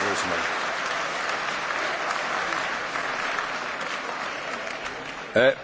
Rosemary. Uh, eh,